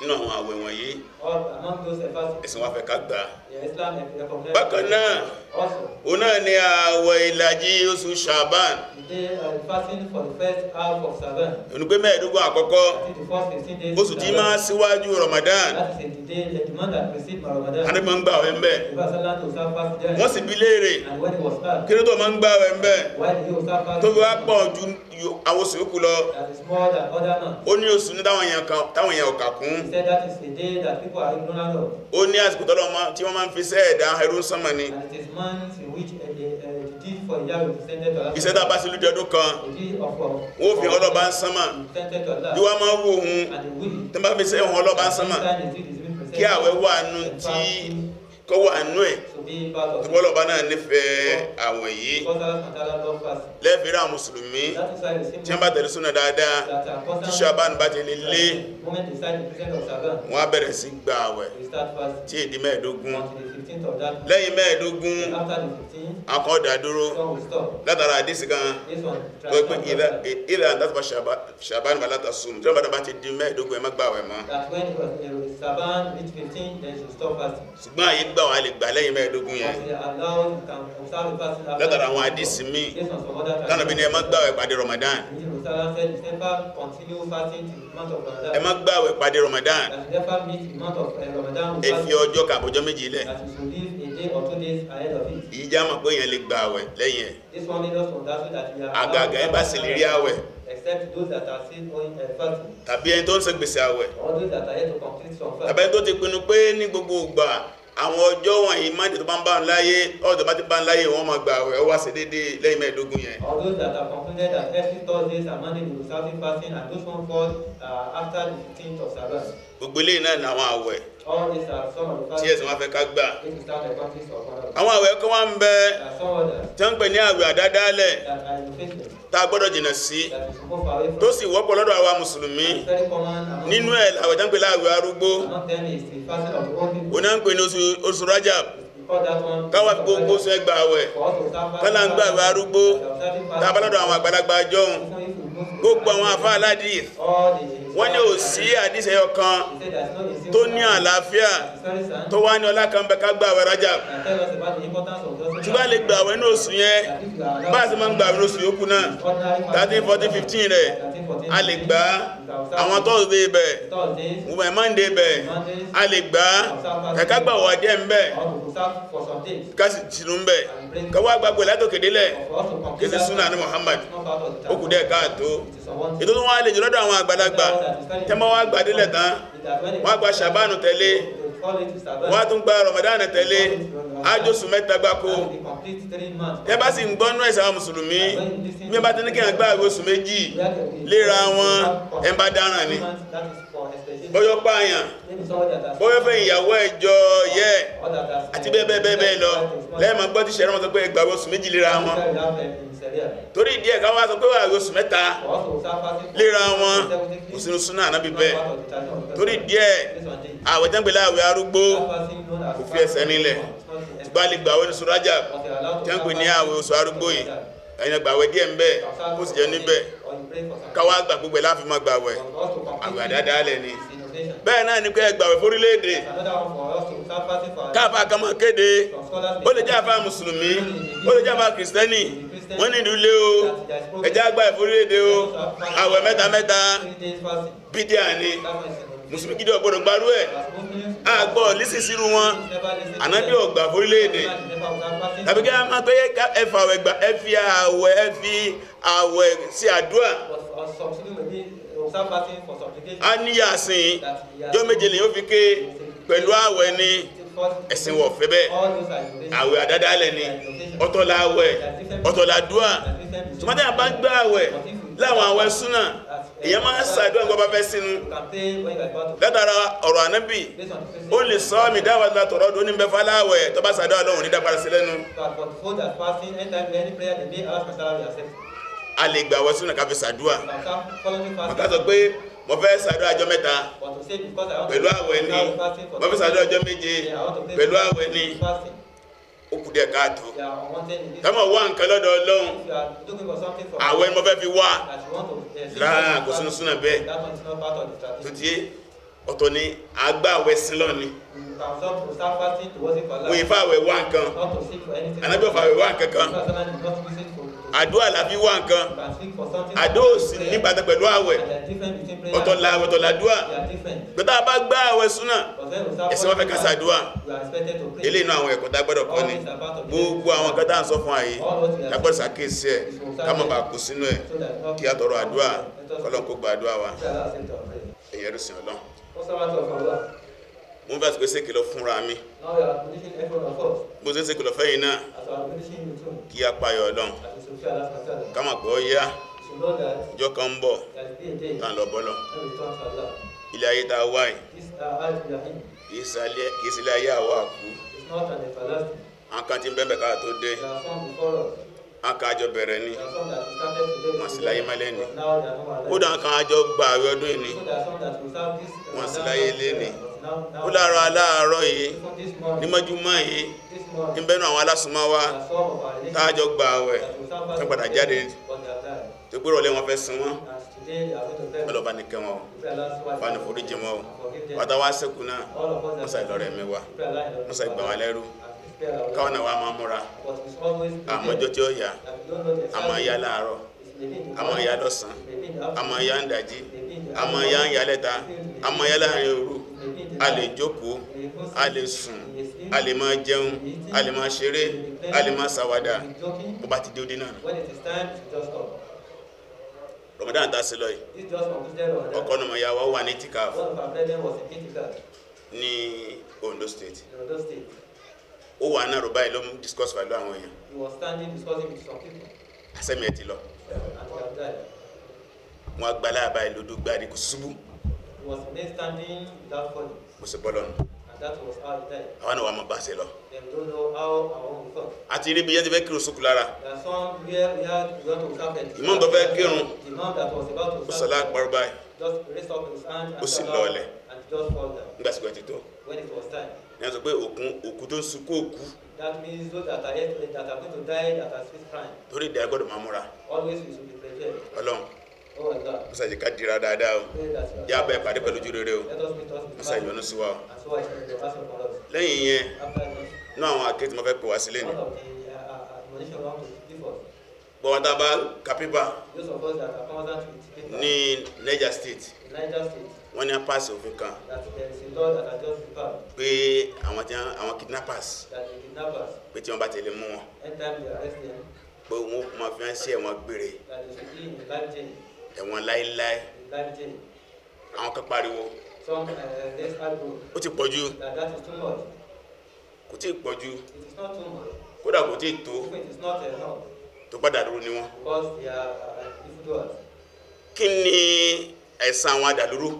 nínú àwọn àwẹ̀ wọ̀nyí ẹ̀sìn wa fẹ́ ká gbà bákan náà òun náà ni àwẹ̀ ìlàjì oṣù Ṣàbán uh, onígbé mẹ́ẹ̀ẹ́dógún àkọ́kọ́ oṣù tí máa síwájú Ramadan adé máa ń gbà wẹ́ mbẹ́ wọ́n sì bí léèrè kí ló tó máa ń gbà wẹ́ mbẹ́ tó fi wá pọ̀ ju àwọn oṣù yòókù lọ ó ní oṣù ní táwọn èèyàn kà kún he said that is a day that people are ignorant of. ó ní àsìkò tọ́lọ́ ọmọ tí wọ́n máa ń fi sẹ́ ẹ̀dá ẹrú sánmà ni. and it is month in which a the deed for the year will be to Allah. ìṣẹ́ta bá sí lójú ọdún kan. the deed of God. wọ́n fi ọlọ́ba ń sánmà. to Allah. bí wọ́n máa ń wo òun. and the will. tí wọ́n bá fi sẹ́ ọlọ́ba ń sánmà. kí àwẹ̀ wà nù tí kọ́ wà nù ẹ̀ tubọlọba náà nífẹ̀ẹ́ àwọn yìí lẹfẹrẹ àwọn mùsùlùmí tí wọn bá tẹ̀lé súnà dáadáa tí Ṣàbáàn bá ti lè wọn bẹ̀rẹ̀ sí gba àwẹ̀ tí èdè mẹ́ẹ̀ẹ́dógún lẹ́yìn mẹ́ẹ̀ẹ́dógún akọ́dà látara àdísì kan tó pé ìlà àtàtàbà Ṣàbáàn bá látà sùn tí wọn bá ti di mẹ́ẹ̀ẹ́dógún ẹ àwẹ̀ mọ́ ṣùgbọ́n àyè gbà wà lè gbà lẹ́yìn mẹ́ẹ̀ẹ́dógún mẹ́ẹ̀ẹ́dógún yẹn látara àwọn àdìsí míì tánàbí ni ẹ má gbààwẹ̀ pàdé Ramadan ẹ má gbààwẹ̀ pàdé Ramadan eh, ẹ fi ọjọ́ kàbọ̀jọ́ méjì lẹ̀ ìjà mọ̀ pé èèyàn lè gbààwẹ̀ lẹ́yìn ẹ̀ àgàgà ẹ bá sì lè rí àwẹ̀ eh, tàbí ẹni tó ń ṣe gbèsè àwẹ̀. to complete some tàbí ẹni tó ti pinnu pé ní gbogbo ìgbà àwọn ọjọ́ wọ̀nyí mọ́ndé tó bá ń bá ń láyé ọjọ́ bá ti bá ń láyé wọ́n máa gbà àwẹ̀ ọwá sí dédé lẹ́yìn mẹ́ẹ̀ẹ́dógún yẹn. All those that are completed at every Thursdays and Monday will be fasting and those one fall uh, after the 15th of Saban. gbogbo eléyìí náà ni àwọn àwẹ̀ tí ẹ̀sìn wọn fẹ́ ká gbà àwọn àwẹ̀ kan wá ń bẹ tí wọ́n ń pè ní àwẹ̀ àdádálẹ̀ tá a gbọ́dọ̀ jìnà sí tó sì wọ́pọ̀ lọ́dọ̀ àwa mùsùlùmí nínú ẹ̀ àwẹ̀ tí wọ́n ń pè láàwẹ̀ arúgbó onáà ń ní oṣù Rajab káwà fi gbogbo sọ ẹgbà àwẹ̀ kọ́lá ń gbàwẹ̀ arúgbó tàbálọ́dọ̀ àwọn àgbàlagbà jọun gbogbo àwọn afá aládì wọ́n ní ò sí àdíṣẹ́ ọkan tó ní àlàáfíà tó wá ní ọlá kan bẹ ká gbàwẹ̀ rájà ṣùgbọ́n lè gbàwẹ̀ ní oṣù yẹn bá a sì máa ń gbàwẹ̀ ní oṣù yókù náà 13 14 15 rẹ̀ a lè gbà àwọn tọ́sídé ibẹ̀ women monday ibẹ̀ a lè gbà kaka gbà wà jẹ́ mbẹ̀ kásì tìlú mbẹ̀ káwà gbàgbé látòkèdélẹ̀ kèsì súnà ní Muhammad ó kù dẹ̀ káàtó ètò lè lọ́dọ̀ àwọn àgbàlagbà tẹ́mọ́ tán wọ́n tún gba Ramadan tẹ̀lé ájósù mẹ́ta gbáko yẹ́ bá sì ń gbọ́nú ẹ̀sà àwọn mùsùlùmí bí bá ti ní kíyàn gbá oṣù méjì léra wọn ẹmbá dáràn ni bọ́yọ́ pààyàn bọ́yọ́ fẹ́ ìyàwó ẹjọ́ yẹ́ àti bẹ́ẹ̀ bẹ́ẹ̀ bẹ́ẹ̀ lọ lẹ́ẹ̀mọ́ gbọ́ ti ṣẹ̀rọ torí ìdí ẹ̀ká wá sọ pé wà oṣù mẹ́ta léra wọn òsínú súnà ànábì bẹ́ẹ̀ torí ìdí ẹ̀ àwẹ̀ jẹ́ngbẹ̀lá àwẹ̀ arúgbó kò fi ẹsẹ̀ nílẹ̀ tí bá lè gbàwẹ̀ oṣù rájà jẹ́ngbẹ̀ ní àwẹ̀ oṣù arúgbó yìí ẹ̀yìn gbàwẹ̀ díẹ̀ ń bẹ̀ ó sì jẹ́ níbẹ̀ káwá gbà gbogbo láfi máa gbàwẹ̀ àwẹ̀ àdáadáa lẹ̀ ni bẹ́ẹ̀ náà ni pé ẹgbàwẹ̀ fórílẹ̀-èdè káfà kan máa kéde ó lè jẹ́ àfà mùsùlùmí ó lè jẹ́ àfà kìrìsìtẹ́nì wọ́n ní ìdúlé o ẹ̀jẹ̀ àgbà ìforílẹ̀-èdè o àwẹ̀ mẹ́ta mẹ́ta bídíà ni mùsùlùmí gidi ọ̀gbọ́dọ̀ gbarú ẹ̀ àgbọ̀ lísìsírú wọn ànábì ọ̀gbà forílẹ̀-èdè tàbí kí a máa pé ẹfà àwẹ̀ gbà ẹ fi àwẹ̀ ẹ fi àwẹ̀ sí àdúà a níyàsìn jọ méje lè yóò fi ké pẹ̀lú àwẹ̀ ni ẹ̀sìn wọ̀ fẹ́ bẹ́ẹ̀ àwẹ̀ àdádálẹ̀ ni ọ̀tọ̀lá àwẹ̀ ọ̀tọ̀lá dúà tòmátà bá gbá àwẹ̀ láwọn àwẹ̀ súnà èyàn máa sàdúrà nǹkan bá fẹ́ sínú látara ọ̀rọ̀ ànábì ó lè sọ mi dáwà látọ̀rọ̀ dún ní bẹ́ fáláwẹ̀ tó bá sàdúrà lọ́wọ́ ní dápadà sí lẹ́nu a lè gbà àwẹ̀ súnà ká fi sàdúrà mo fẹ́ ṣàdúrà ọjọ́ mẹ́ta pẹ̀lú àwẹ̀ ni mo fẹ́ ṣàdúrà ọjọ́ méje pẹ̀lú àwẹ̀ ni ó kù díẹ̀ káàtó tẹ́mọ̀ wá nǹkan lọ́dọ̀ ọlọ́run àwẹ̀ mo fẹ́ fi wá eh, rárá kò sínú súnà bẹ́ẹ̀ tó tiẹ́ ọ̀tọ̀ ni àgbà àwẹ̀ sílọ̀ ni wọ́n ìfà àwẹ̀ wá nǹkan anábẹ́ ọ̀fà wá nǹkan kan àdúrà lábí wà nǹkan àdúrà sí nígbàtà pẹ̀lú àwẹ̀ ọ̀tọ̀lá ọ̀tọ̀ládúà gbọ́tà bá gbá àwẹ̀ súnà ẹ̀sẹ̀ wọ́n fẹ́ kan sàdúà ilé inú àwọn ẹ̀kọ́ tágbọ́dọ̀ kọ́ ni gbogbo àwọn kan tàà ń sọ fún àyè tágbọ́dọ̀ sàkíyèsí ẹ̀ kámọ̀ bá kú sínú ẹ̀ kí a tọrọ àdúà kọ́lọ́n kó gba àdúà wa ẹ̀yẹ́rù sí ọlọ́run mo bá ti pé sékìlọ fúnra mi bó ṣe sékìlọ fẹ́yìn náà kí a payọ̀ ọlọ́run ká mọ̀ pé ó yá ìjọ kan ń bọ̀ tá lọ bọ́lọ̀ ilé ayé tá a wá yìí uh, kì í sílé ayé àwa kú àǹkan tí ń bẹ́ẹ̀ ká tó dé àǹkan àjọ bẹ̀rẹ̀ ni wọ́n sì láyé mẹ́lẹ́ ni kódà àǹkan àjọ gbà àwẹ̀ ọdún yìí ni wọ́n sì láyé lé ó lára aláàárọ̀ yìí ní mọ́júmọ́ yìí ń bẹ́nu àwọn alásùnmọ́ wa táàjọ gba àwẹ̀ tó padà jáde tó gbérò lé wọn fẹ́ sin wọn ọlọ́ba nìkan wọn fani forí jẹ wọn wàtá wá sẹ́kù náà wọ́n sàì lọ́rẹ̀ mi wá wọ́n sàì gbà wá lẹ́rú káwọn náà máa múra tí ó yà àmọ́ àmọ́ àmọ́ a lè jókòó a lè sùn a lè máa jẹun a lè máa ṣeré a lè máa ṣàwàdà bó bá ti dé òde náà Ramadan ta sí lọ yìí ọkọ ọ̀nà ìyá wa wà ní tikaf ní Ondo State ó wà náà rọ̀bá ìlọ́mú discuss pẹ̀lú àwọn èèyàn asẹ́mi ẹ̀ ti lọ wọ́n gbà láàbá ìlú dúgbà ní kùsùsùbù was men standing without falling. kò sí bọ́lọ́nù. and that was how he died. àwọn àwọn ọmọ bá ṣe lọ. they don't know how our own felt. àti ibi yẹn ti fẹ́ kírun sókù lára. there are some where we had we want to carpet. imam tó fẹ́ kírun. the imam that was about to. ó sọlá àpárọ̀ báyìí. just raise up his hand and. ó sì lọ ọlẹ̀. and just fall down. nígbà tí ti tó. when it was time. ní a sọ pé òkun òkú tó ń sunkún òkú. that means those that are yet that are going to die that are still crying. torí ìdá gbọ́dọ̀ máa múra. always we should be prepared. ọlọ́run Oh, musa yìí ká dira dáadáa o yà bẹ́ẹ̀ pàdé pẹ̀lú ojú rere o musa ìyọnu sí wa o lẹ́yìn yẹn náà àwọn akéètì máa fẹ́ pè wá sílé ni uh, uh, bọ̀wọ̀n tá a bá Kappiba ní Niger State wọ́n ní a pass òfin kan pé àwọn tí àwọn kidnappers pé tí wọ́n bá tẹ̀lé wọn pé wọ́n máa fi hàn sí ẹ̀wọ̀n ẹ̀wọ̀n láéláé àwọn kan eh, pariwo ó ti pọ̀jù kò tí ì pọ̀jù kódà kò tí ì tó tó padà dúró ni wọn. Eh, kí ni ẹ̀san àwọn adàlúrú.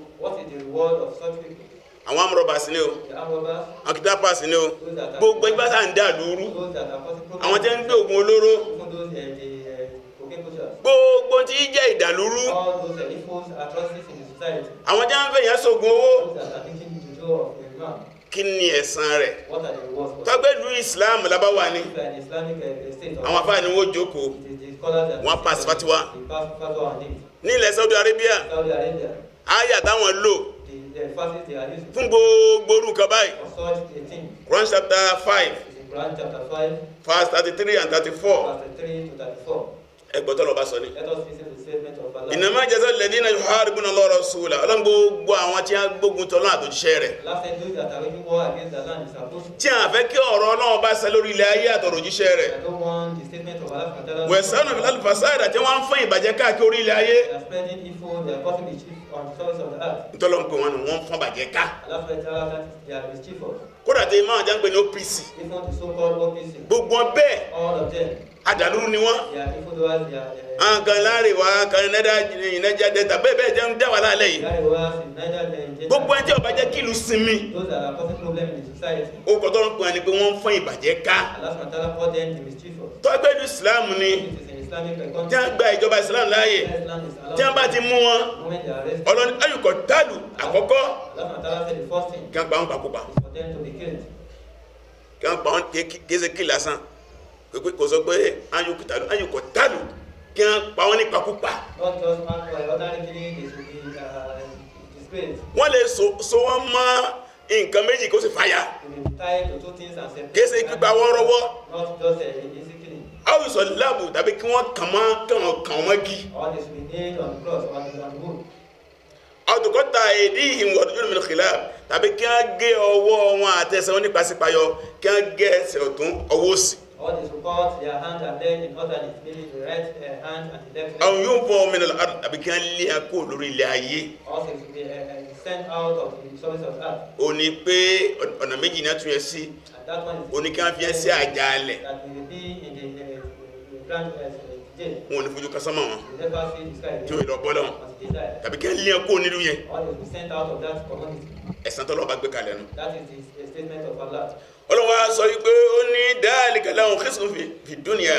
àwọn amúrọ̀bà sí ni o àwọn kìtàpà sí ni o gbogbo ẹgbẹ́ sáà ń dà lóru àwọn tí ń gbé oògùn olóró gbogbo tí jẹ́ ìdàlúrú àwọn tí wọ́n fẹ́ yẹn sógun owó kí ni ẹ̀san rẹ̀ tọ́gbẹ́lú islam lábáwá ni eh, eh, àwọn afáà ni wọ́n jókòó wọ́n pass fatiwa ní ilẹ̀ Saudi Arabia ayà táwọn lò fún gbogbo orúkọ báyìí Quran chapter 5 verse 33 and 34 ẹgbọ́tọ́ lọ́ba sọ ní ìnàmá jẹ́sọ́ lẹ́dí na yuharibuna Allah rasula ọlọ́n gbogbo àwọn tí a gbógun tọ́lọ́ àtòjíṣẹ́ rẹ̀ tí a fẹ́ kí ọ̀rọ̀ Ọlọ́run bá ṣẹ lórí ilẹ̀ ayé àtòjíṣẹ́ rẹ̀ wẹ̀sánà alifasada tí wọ́n ń fún ìbàjẹ́ káàkiri ilẹ̀ ayé ntọ́lọ́ ń pè wọn ni wọ́n ń fún ìbàjẹ́ ká kódà tí imam ajá ń pè ní OPC gbogbo bẹ́ẹ̀ àdàlúrú ni wọ́n nǹkan láàrin wa kan nẹ́dá ìnẹ́jà dẹ́ta bẹ́ẹ̀ bẹ́ẹ̀ jẹun dá wà lálẹ́ yìí gbogbo ẹjẹ́ ọba jẹ́ kí ìlú sinmi ó kọ́ tọ́rọ pé wọ́n ń fọ́n ìbàjẹ́ ká tọ́gbẹ́dù Islam ni tí a gba ìjọba islam láàyè tí a bá ti mú wọn ọlọ́ni ayùkọ̀ tálù àkọ́kọ́ kí a pa wọn pàkópa kí a pa wọn kése kí lásán kò sọ pé ayùkọ̀ tálù ayùkọ̀ tálù kí a pa wọn ní pàkópa. Uh, wọ́n lè so wọ́n mọ́ nǹkan méjì kó sì fàyà kése gbígbà wọ́n rọwọ́ yóò láàbù tàbí kí wọ́n kàn mọ́ kàn kàn wọ́n gí. ọdùkọ́ta èdè ìhìnwó ọdún mìíràn kìlá tàbí kí wọ́n gé ọwọ́ wọn àtẹsẹ̀ wọn nípa sípayọ kí wọ́n gé ẹsẹ̀ ọ̀tún ọwọ́ òsì. Or they support their hand and leg in order to the right uh, hand and the left leg. Àwọn yóò bọ́ ọmọ ìnàlá àrùn tàbí kí wọ́n lé akó lórí ilẹ̀ ayé. Also to be sent out of the service of earth. O ní pé ọ̀nà méjì náà tún yẹ sí. And sí àjálẹ̀. be in the. Uh, wọn ò ní fojú kásánmà wọn tí o yìí lọ bọ́lá wọn tàbí kí n lé ẹkọ onílù yẹn ẹ̀san tọ́lọ́ gbé kalẹ̀ nù. ọlọ́wọ́ sọ yìí pé ó ní dáàlì kàlẹ́ òun kí sùn fi dúnìyà.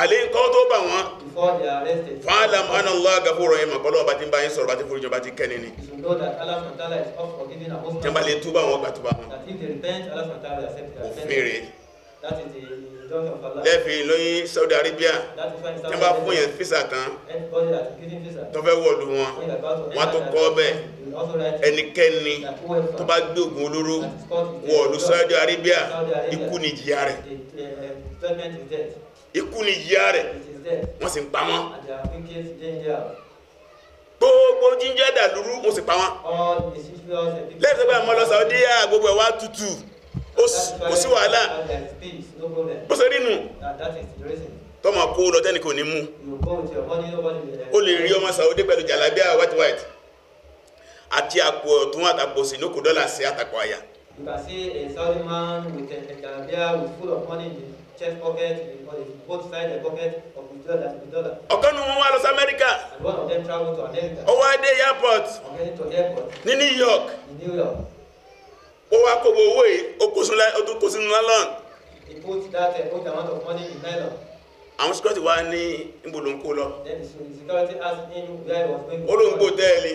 alẹ́ nǹkan tó bà wọ́n fa'lam anna Allaha ghafurur rahim bọ́lọ́wọ́ bá ti ń bá yín sọ̀rọ̀ bá ti foríjọ bá ti kẹ́ni ni jẹ́mbà lè túbà wọn gbà túbà wọn òfin rẹ̀ lẹ́fì lóyìn Saudi Arabia jẹ́mbà fún yẹn físà tán tọ́fẹ́ wọ̀lú wọn wọ́n tó kọ́ bẹ́ẹ̀ ẹnikẹ́ni tó bá gbé ògùn olóró wọ̀lú Saudi Arabia ikú ni jìyà rẹ̀ ikú ni yíya rẹ̀ wọ́n sì ń pa wọ́n gbogbo jíjẹ́ dàlúrú wọ́n sì pa wọ́n lẹ́yìn tó bá mọ́ lọ Saudi ah, gbogbo ẹ̀ wá tutù kò sí wàhálà bó ṣe rí nù tọ́mọ̀ kó lọ tẹ́nì kò ní mú o lè rí ọmọ Saudi pẹ̀lú jalabia white white àti àpò ọ̀tún àtàpòsì ní kò dọ́là sí àtàpò àyà. You can see a Saudi man with a jalabia with full of money chest pocket, because both sides the pocket of the dollar to the dollar. Ọ̀kan wọn wá lọ sí Amẹ́ríkà. And one of them travel to America. Ó wá dé airport. Ó wá to airport. Ní New York. In New York. Ó wá kó gbogbo owó yìí, ó kó sínú ó tún kó sínú nylon. He put that uh, good amount of money in nylon. Àwọn security wá ní ìbòlóńkó lọ. Then the security asked him where he was going. Ó ló ń gbó tẹ́ẹ̀lì.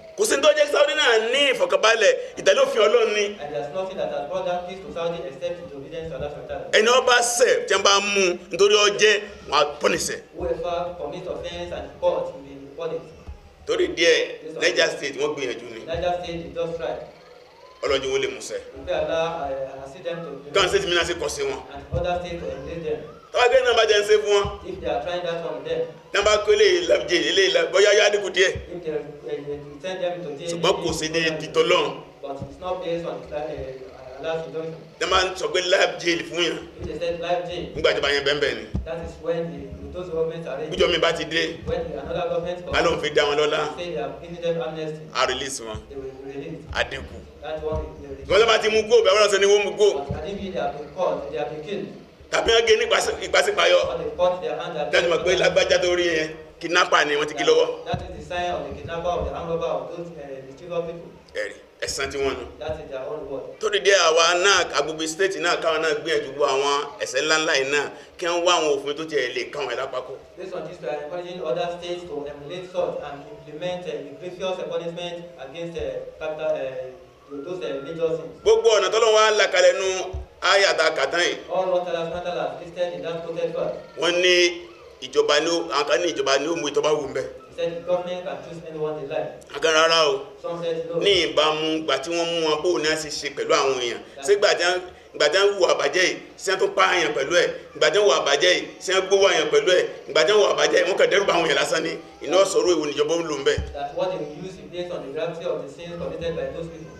kò sí ní tó jẹ́ kí Saudi náà ní ìfọ̀kànbalẹ̀ ìtẹ̀lé òfin Ọlọ́run ni. and there is nothing that has brought that to Saudi except his obedience to Allah subhanahu wa ta'ala. ẹni ọba ṣẹ̀ tí wọ́n bá mú nítorí ọjẹ́ wọn pọ́nìṣẹ̀. offence and fault will be punished. torí díẹ̀ Niger State wọ́n gbìyànjú ni. Niger State is ọlọ́jọ́ wo lè mú sẹ́ eh, kan state mina se kọ̀ sí wọn eh, tọ́gbẹ́ náà bá jẹ́ ń ṣe fún wọn nàbà kó lè lọ́jẹ́ ilé bọ́yá yá dínkù díẹ̀ eh, ṣùgbọ́n kò sí ní títọ́ lọ́rùn nàbà ń sọ pé life jail fún yàn nígbàjọba yẹn bẹ́ẹ̀ bẹ́ẹ̀ ni bíjọ́ mi bá ti dé alóhùn fi dá wọn lọ́lá a release wọn a wọ́n bá ti mú kó bẹ̀rẹ̀ wọ́n sọ ni wọ́n mú kó tàbí wọ́n gé ní ìpàsípayọ dájú mọ̀ pé lágbájá tó rí yẹn kidnapper ni wọ́n ti gé lọ́wọ́ eh, ẹ̀rí ẹ̀sán tí wọ́n nù tó dìde àwa náà agbègbè state náà káwọn náà gbìyànjú gbọ́ àwọn ẹ̀ṣẹ̀ ńláńlá yìí náà kí wọ́n wá àwọn òfin tó tiẹ̀ lè káwọn ẹ̀dá papọ̀. based on this we are encouraging other states to emulate such and implement uh, eh, rigorous punishment against uh, gbogbo ọ̀nà tọ́lọ́run wá là kalẹ̀ nu ayàtà kàtán yìí. wọ́n ní ìjọba ní àwọn kan ní ìjọba ní ó mú ìtọ́ba wù mbẹ́. agarara o ní ìbámu gbà tí wọ́n mú wọn bó ní a ṣe ṣe pẹ̀lú àwọn èèyàn sígbà tí wọ́n gbàdán wù àbàjẹ́ yìí sẹ́n tó pa àyàn pẹ̀lú ẹ̀ gbàdán wù àbàjẹ́ yìí sẹ́n gbówó àyàn pẹ̀lú ẹ̀ gbàdán wù àbàjẹ́ yìí wọ́n kàn dẹ́rù bá àwọn yẹn lásán ni iná sọ̀rọ̀ ìwò níjọba ń lò ń bẹ̀. that what they use is based on the gravity of the sins committed by those people.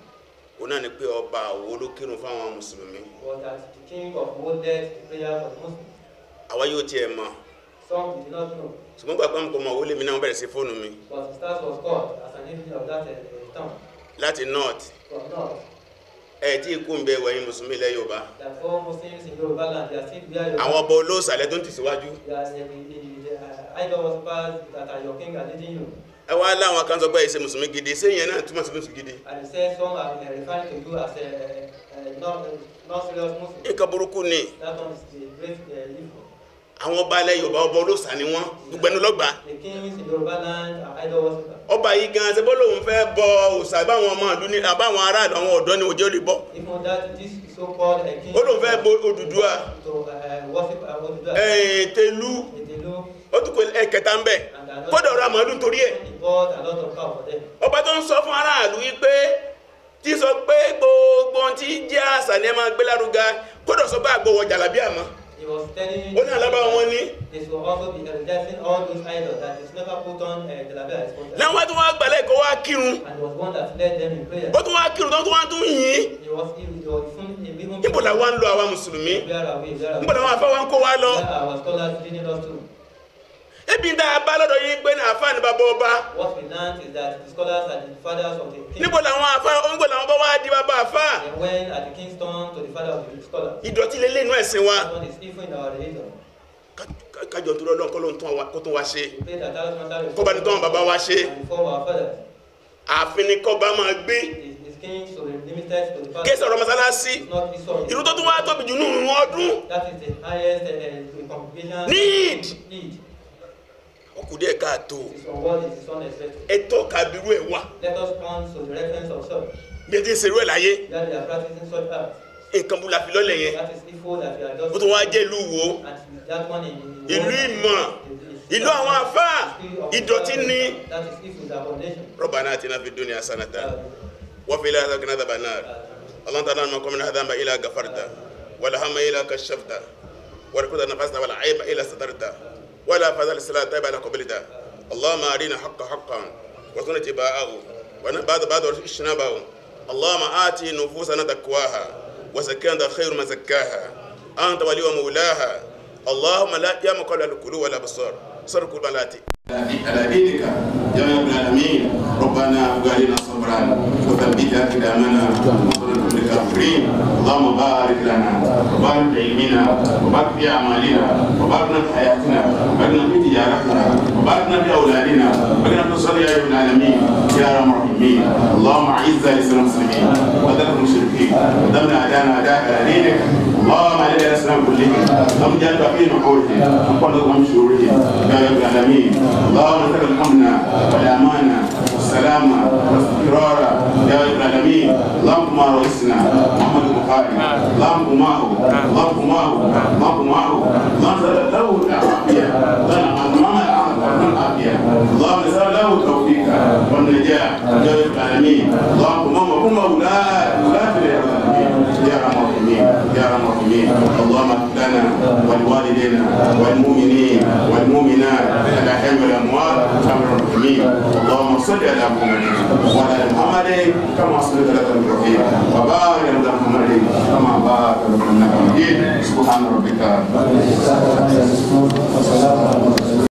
òun náà ni pé ọba àwo ló fáwọn mùsùlùmí. was that the king of old dead prayer for the muslims. àwa yóò tiẹ̀ mọ̀. some did not know. ṣùgbọ́n gbàgbọ́ mi kò mọ owó lèmi náà wọ́n bẹ̀rẹ̀ sí fóònù mi. but the stars was called as an angel of that uh, town. láti north. from north. ẹ tí ikú ń bẹ wẹ̀yìn mùsùlùmí ilẹ̀ yorùbá. that all muslims in yorùbá land they are still where yorùbá. àwọn ọba olóòsàlẹ̀ tó ń tẹ̀síwájú. they are the the the idol was passed that are your king are leading you ẹ wá láwọn kan sọ ìṣe mùsùlùmí gidi ṣé ìyẹn náà túmọ̀ sí mùsùlùmí gidi. and say some are referring to you as a, a, a non, burúkú ni. that one is the great uh, àwọn ọba alẹ́ yorùbá ọba olóòṣà ni wọ́n gbogbo ẹnu lọ́gbà. ọba yìí gan ṣe bó lóun fẹ́ bọ òòṣà báwọn ọmọ ìlú ni àbáwọn aráàlú àwọn ọ̀dọ́ ni òjò lè bọ. ó lóun fẹ́ bọ Odùduwà. Uh, uh, ń bẹ̀ kódà ọ̀rọ̀ àmọ́dún torí ẹ̀ ọba tó ń sọ fún aráàlú wípé tí sọ pé gbogbo tí jẹ́ àṣà ní ẹ máa gbé lárugá kódà sọ pé àgbọ̀wọ̀ jàlábí àmọ́ ó ní alábà wọn ní. láwọn tó wá gbalẹ̀ kó wá kírun ó tún wá kírun tó wá tún yìn níbo làwọn ń lo àwa mùsùlùmí níbo làwọn afẹ́ wa ń kó wa lọ ebi da bá lọ́dọ̀ yín pé ní àfáà ní what we learn is that the scholars are the fathers of the king. níbo làwọn àfáà níbo làwọn bá wá di bàbá àfáà. they went at the king's turn to the father of the scholar. ìdọ̀tí lélẹ̀ inú ẹ̀sìn wa. that one is even in our religion. kájọ tó lọ́dọ̀ kọ́lọ́ kó tó wá ṣe. kọ́ba ní tó wọn bàbá wa ṣe. àfin ni kọ́ba máa gbé. kí sọ̀rọ̀ masalasi ìlú tó tún wá tóbi jù nínú ọdún. that is the highest uh, need. need ó kù díẹ̀ káàtó ẹ tọ́ka abirú ẹ̀ wá gbẹdẹ ṣerú ẹ̀ láyé nǹkan bú la fi lọ́lẹ̀ yẹn bó tó wá jẹ́ ìlú wo ìlú ìmọ̀ ìlú àwọn afá ìdọ̀tí ni rọ́bà náà ti náà fi dún ní asánátà uh, wọ́n fi ilé asánátà bá náà ọlọ́ntàn náà nọkọ́ mi náà hàdá mà ilá gafarta wàlhámà ونقود نفسنا ولا عيب إلا ده ولا فضل الصلاة تابع قبل ده اللهم ارينا حق حقا وارزقنا اتباعه بعد بعد اجتنابه اللهم اتي نفوسنا تقواها وزكينا خير ما زكاها أنت ولي ومولاها اللهم لا يا مقلب القلوب ولا بصر صر بلاتي اللهم اعز الاسلام والمسلمين ودمر المشركين ودمر اعداءنا اعداءك على دينك اللهم على الاسلام كلهم اللهم جعل في نحورهم وقلوبهم شرورهم يا رب العالمين اللهم لك الامن والامانه والسلامه والاستقرار يا رب العالمين اللهم رئيسنا محمد البخاري اللهم معه اللهم معه اللهم معه اللهم له العافيه اللهم نسأل له التوفيق والنجاح يا رب العالمين اللهم كن مولانا اللهم اغفر لنا ولوالدينا والمؤمنين والمؤمنات على الاحياء الاموات كما الرحمين اللهم صل على محمد وعلى محمد كما صليت على الرحيم وبارك على محمد كما بارك على محمد سبحان ربك